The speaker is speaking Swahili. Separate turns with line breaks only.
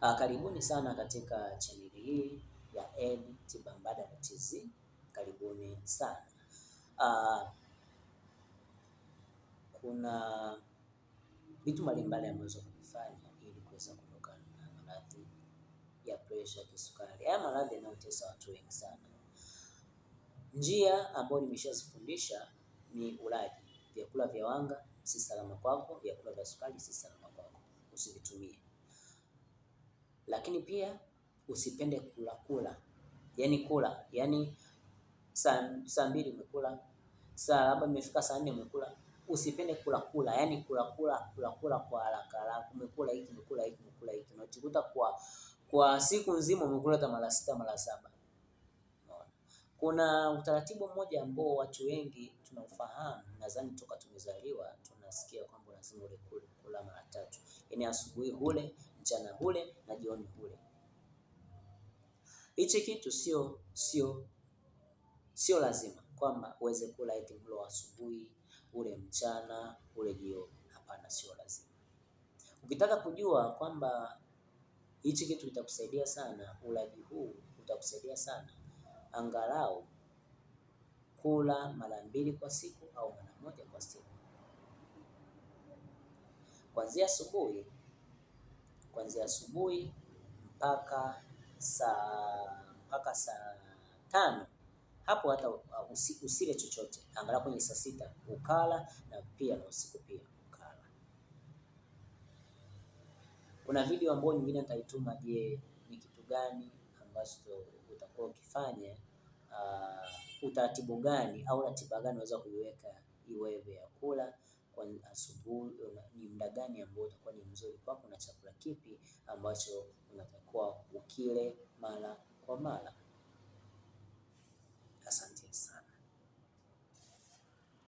Ah, karibuni sana katika chaneli hii ya Ed Tiba Mbadala TZ. Karibuni sana. Uh, kuna vitu mbalimbali ambazo kufanya ili kuweza kuondokana na maradhi ya presha, kisukari, haya maradhi yanayotesa watu wengi sana. Njia ambayo nimeshazifundisha ni ulaji vyakula vya wanga si salama kwako, vyakula vya sukari si salama kwako, usivitumie lakini pia usipende kula kula, yani kula yani saa saa mbili umekula, saa labda imefika saa nne umekula. Usipende kula kula, yani kula kula kula kula kwa haraka haraka, umekula hiki umekula hiki umekula hiki, unajikuta kwa kwa siku nzima umekula hata mara sita mara saba. Kuna utaratibu mmoja ambao watu wengi tunaufahamu, nadhani toka tumezaliwa tunasikia kwamba lazima ule kula mara tatu, yani asubuhi hule, mchana hule jioni kule. Hichi kitu sio sio sio lazima kwamba uweze kula eti mlo asubuhi, ule mchana, ule jioni. Hapana, sio lazima. Ukitaka kujua kwamba hichi kitu kitakusaidia sana, ulaji huu utakusaidia sana, angalau kula mara mbili kwa siku au mara moja kwa siku, kuanzia asubuhi kuanzia asubuhi mpaka saa mpaka saa tano. Hapo hata usi, usile chochote, angalau kwenye saa sita ukala, na pia na usiku pia ukala. Kuna video ambayo nyingine nitaituma. Je, ni kitu gani ambacho utakuwa ukifanya, uh, utaratibu gani au ratiba gani unaweza kuiweka iwe ya kula kwa asubuhi ni muda gani ambao utakuwa ni mzuri kwako na chakula kipi ambacho unatakiwa ukile mara kwa mara.